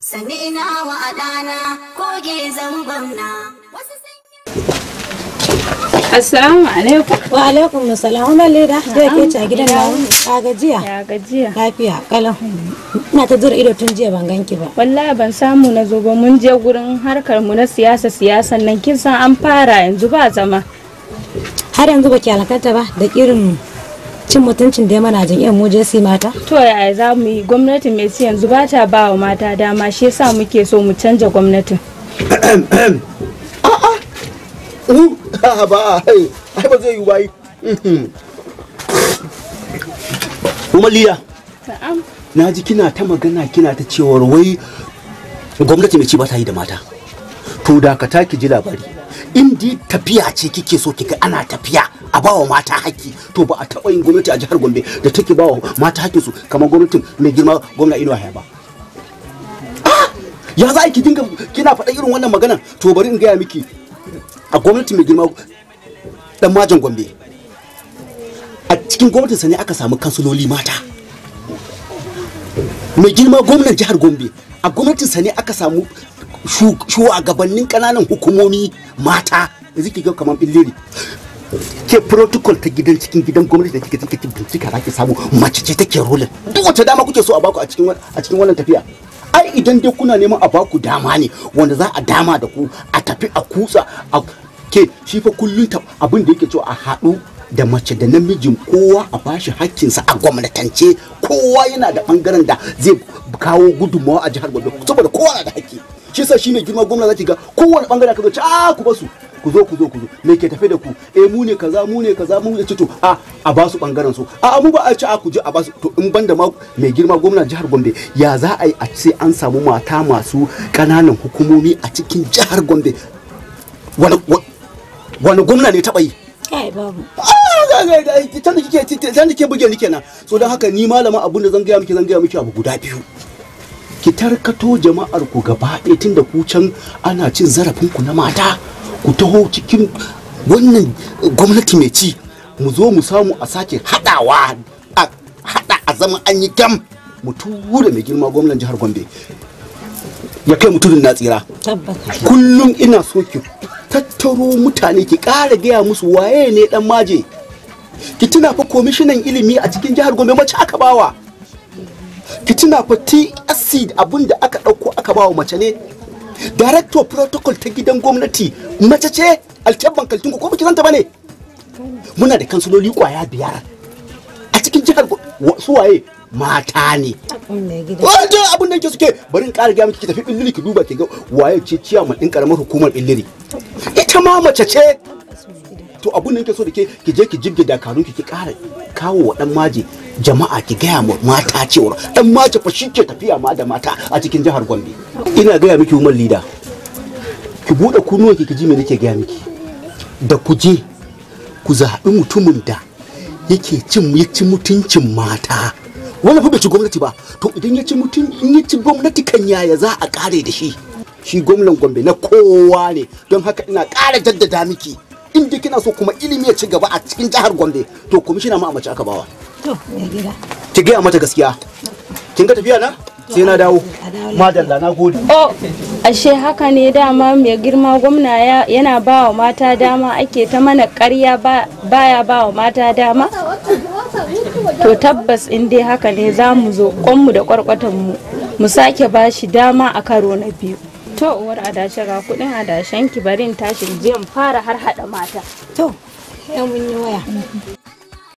Sani ina wa adana koge zambamna. Assalamu alaikum. Wa alaikum assalam. Wannan leda da ke ci a gidan nawa. Ka gajiya? Ya gajiya. Lafiya kala, Ina ta zura ido tun jiya ban ganki ba. Wallahi ban samu na zo ba mun je gurin harkar mu na siyasa siyasan nan kin san an fara yanzu ba zama. Har yanzu baki alakanta ba da irin cin mutuncin da mana jin iya muje su mata to yaya za mu yi gwamnatin mai siyan yanzu ba ta ba wa mata dama shi yasa muke so mu canja gwamnatin mhm. umaliya na ji kina ta magana kina ta cewar wai gwamnati mai ci ba ta yi da mata to da ka ki ji labari in tafiya ce kike so kika ana tafiya a bawa mata haƙƙi to ba a taɓa yin gwamnati a jihar gombe da take bawa mata su kamar gwamnatin mai girma gwamna inuwa ya ba ah! ya za ki dinga kina faɗa irin wannan maganan to bari in gaya miki a gwamnati mai girma dan majan gombe a cikin gwamnatin sa ne aka samu kansuloli mata mai girma gwamnan jihar gombe a gwamnatin sa ne aka samu shugabannin kananan hukumomi mata yanzu ki ga kamar billiri ke protocol ta gidan cikin gidan gwamnati da kike kike bincika za ki samu mace ce take rolin duk wata dama kuke so a baku a cikin a cikin wannan tafiya ai idan dai kuna neman a baku dama ne wanda za a dama da ku a tafi a kutsa a ke shi fa kullun abin da yake cewa a hadu da mace da namijin kowa a bashi hakkinsa a gwamnatance kowa yana da bangaren da zai kawo gudunmawa a jihar gobe saboda kowa na da hakki shi yasa shine girma gwamnati zaki ga kowane bangare ka zo ci a ah, ku basu ku zo ku zo ku zo me ke tafe da ku eh mu ne kaza mu ne kaza mu ne to a a ba su bangaren su a mu ba a ci a ku je a ba su to in banda ma mai girma gwamnatin jihar Gombe ya za a yi a ce an samu mata masu kananan hukumomi a cikin jihar Gombe wani gwamna ne taba yi kai babu ah, kike kike buge ni kenan so dan haka ni malama abun da zan gaya miki zan gaya miki abu guda biyu ki tarkato jama'ar ku gaba ɗaya tunda ku can ana cin zarafin ku na mata ku taho cikin wannan gwamnati mai ci mu zo mu samu a sake haɗawa a haɗa a zaman an yi gam mu tura mai girma gwamnan jihar gombe ya kai mutumin na tsira kullum ina so ki tattaro mutane ki ƙara gaya musu waye ne dan maje ki tuna fa komishinan ilimi a cikin jihar gombe mace aka bawa ki tuna fa tsc abin da aka ɗauko aka bawa mace ne director protocol ta gidan gwamnati mace ce alkyabban kaltungo ko baki santa bane muna da kansuloli kwaya biyar a cikin jihar su waye mata ne wato abin da yake suke barin ƙara gaya miki tafi billiri ki duba ki ga waye ce ciya ma ɗin karamar hukumar billiri ita ma mace ce to abun da nake so da ke ki je ki jibge dakarun ki ki kara kawo wa dan maje jama'a ki gaya ma mata cewa dan maje fa shike tafiya ma da mata a cikin jihar Gombe ina gaya miki umar lida ki bude kunnuwanki ki ji me nake gaya miki da ku je ku zaɓi mutumin da yake cin mutuncin mata wani fa bai ci gwamnati ba to idan ya ci mutun in ya ci gwamnati kan yaya za a kare da shi shi gwamnan gombe na kowa ne don haka ina ƙara jaddada miki in dai kina so kuma ilimi ya ci gaba a cikin jihar Gombe to kwamishina ma a mace aka bawa to gida ki gaya mata gaskiya kin ga tafiya na sai na dawo madalla na gode oh ashe haka ne dama mai girma gwamna yana ba wa mata dama ake ta mana karya baya ba wa mata dama to tabbas in dai haka ne za mu zo kwanmu da kwarkwatanmu mu sake ba shi dama a karo na biyu to uwar adashe ga kudin adashen ki barin tashi jiyan fara har hada mata to mun yi waya